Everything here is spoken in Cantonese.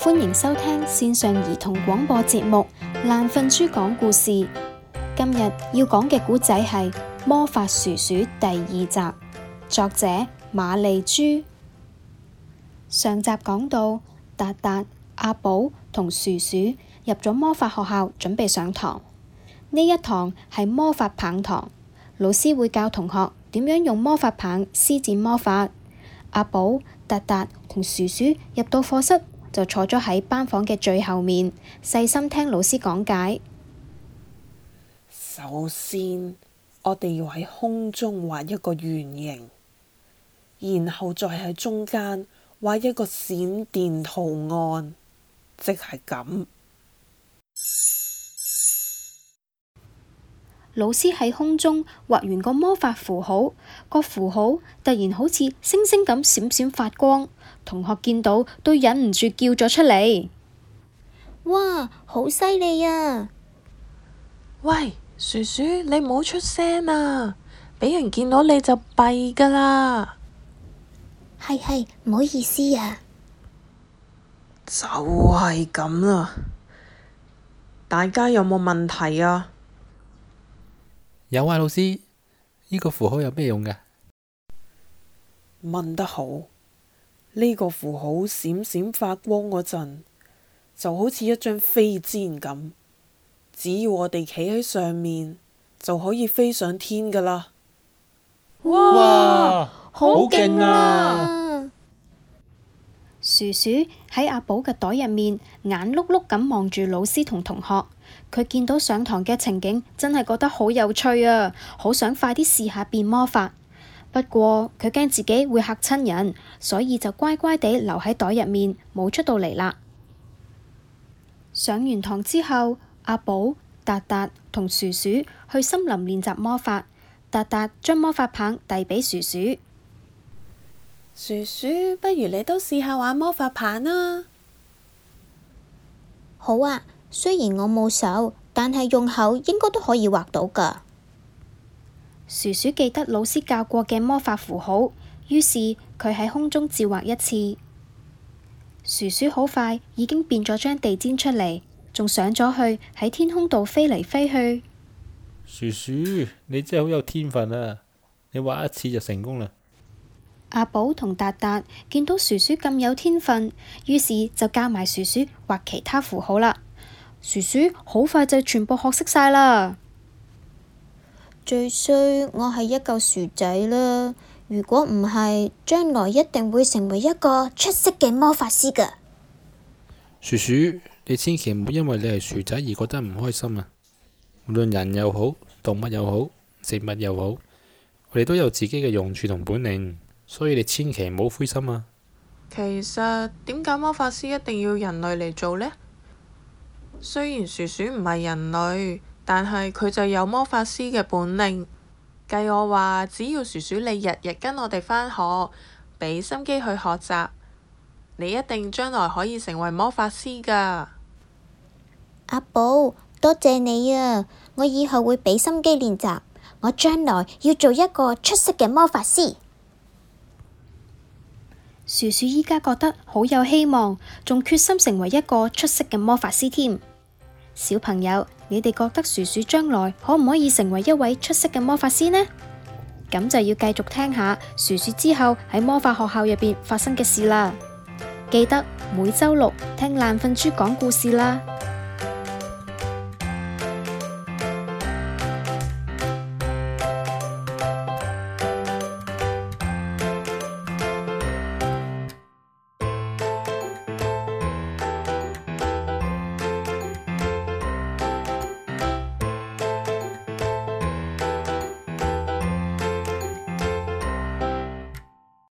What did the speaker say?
歡迎收聽線上兒童廣播節目《爛瞓豬講故事》。今日要講嘅古仔係《魔法薯薯》第二集，作者瑪利豬。上集講到達達、阿寶同薯薯入咗魔法學校，準備上堂。呢一堂係魔法棒堂，老師會教同學點樣用魔法棒施展魔法。阿寶、達達同薯薯入到課室。就坐咗喺班房嘅最後面，細心聽老師講解。首先，我哋要喺空中畫一個圓形，然後再喺中間畫一個閃電圖案，即係咁。老師喺空中畫完個魔法符號，個符號突然好似星星咁閃閃發光，同學見到都忍唔住叫咗出嚟。哇，好犀利啊！喂，薯薯，你唔好出聲啊！畀人見到你就弊噶啦。係係，唔好意思啊。就係咁啦，大家有冇問題啊？有啊，老師，呢個符號有咩用㗎？問得好！呢、這個符號閃閃發光嗰陣，就好似一張飛氈咁，只要我哋企喺上面，就可以飛上天噶啦！哇，哇好勁啊！薯薯喺阿寶嘅袋入面，眼碌碌咁望住老師同同學。佢見到上堂嘅情景，真係覺得好有趣啊！好想快啲試下變魔法。不過佢驚自己會吓親人，所以就乖乖地留喺袋入面，冇出到嚟啦。上完堂之後，阿寶達達同薯薯去森林練習魔法。達達將魔法棒遞俾薯薯。薯薯，不如你都試下玩魔法棒啦！好啊，雖然我冇手，但係用口應該都可以畫到噶。薯薯記得老師教過嘅魔法符號，於是佢喺空中自畫一次。薯薯好快已經變咗張地氈出嚟，仲上咗去喺天空度飛嚟飛去。薯薯，你真係好有天分啊！你畫一次就成功啦！阿寶同達達見到薯薯咁有天分，於是就教埋薯薯畫其他符號啦。薯薯好快就全部學識晒啦。最衰我係一嚿薯仔啦！如果唔係，將來一定會成為一個出色嘅魔法師㗎。薯薯，你千祈唔好因為你係薯仔而覺得唔開心啊！無論人又好，動物又好，植物又好，我哋都有自己嘅用處同本領。所以你千祈唔好灰心啊！其實點解魔法師一定要人類嚟做呢？雖然薯薯唔係人類，但係佢就有魔法師嘅本領。計我話，只要薯薯你日日跟我哋返學，俾心機去學習，你一定將來可以成為魔法師㗎！阿寶，多謝你啊！我以後會俾心機練習，我將來要做一個出色嘅魔法師。薯薯依家覺得好有希望，仲決心成為一個出色嘅魔法師添。小朋友，你哋覺得薯薯將來可唔可以成為一位出色嘅魔法師呢？咁就要繼續聽下薯薯之後喺魔法學校入邊發生嘅事啦。記得每周六聽爛瞓豬講故事啦。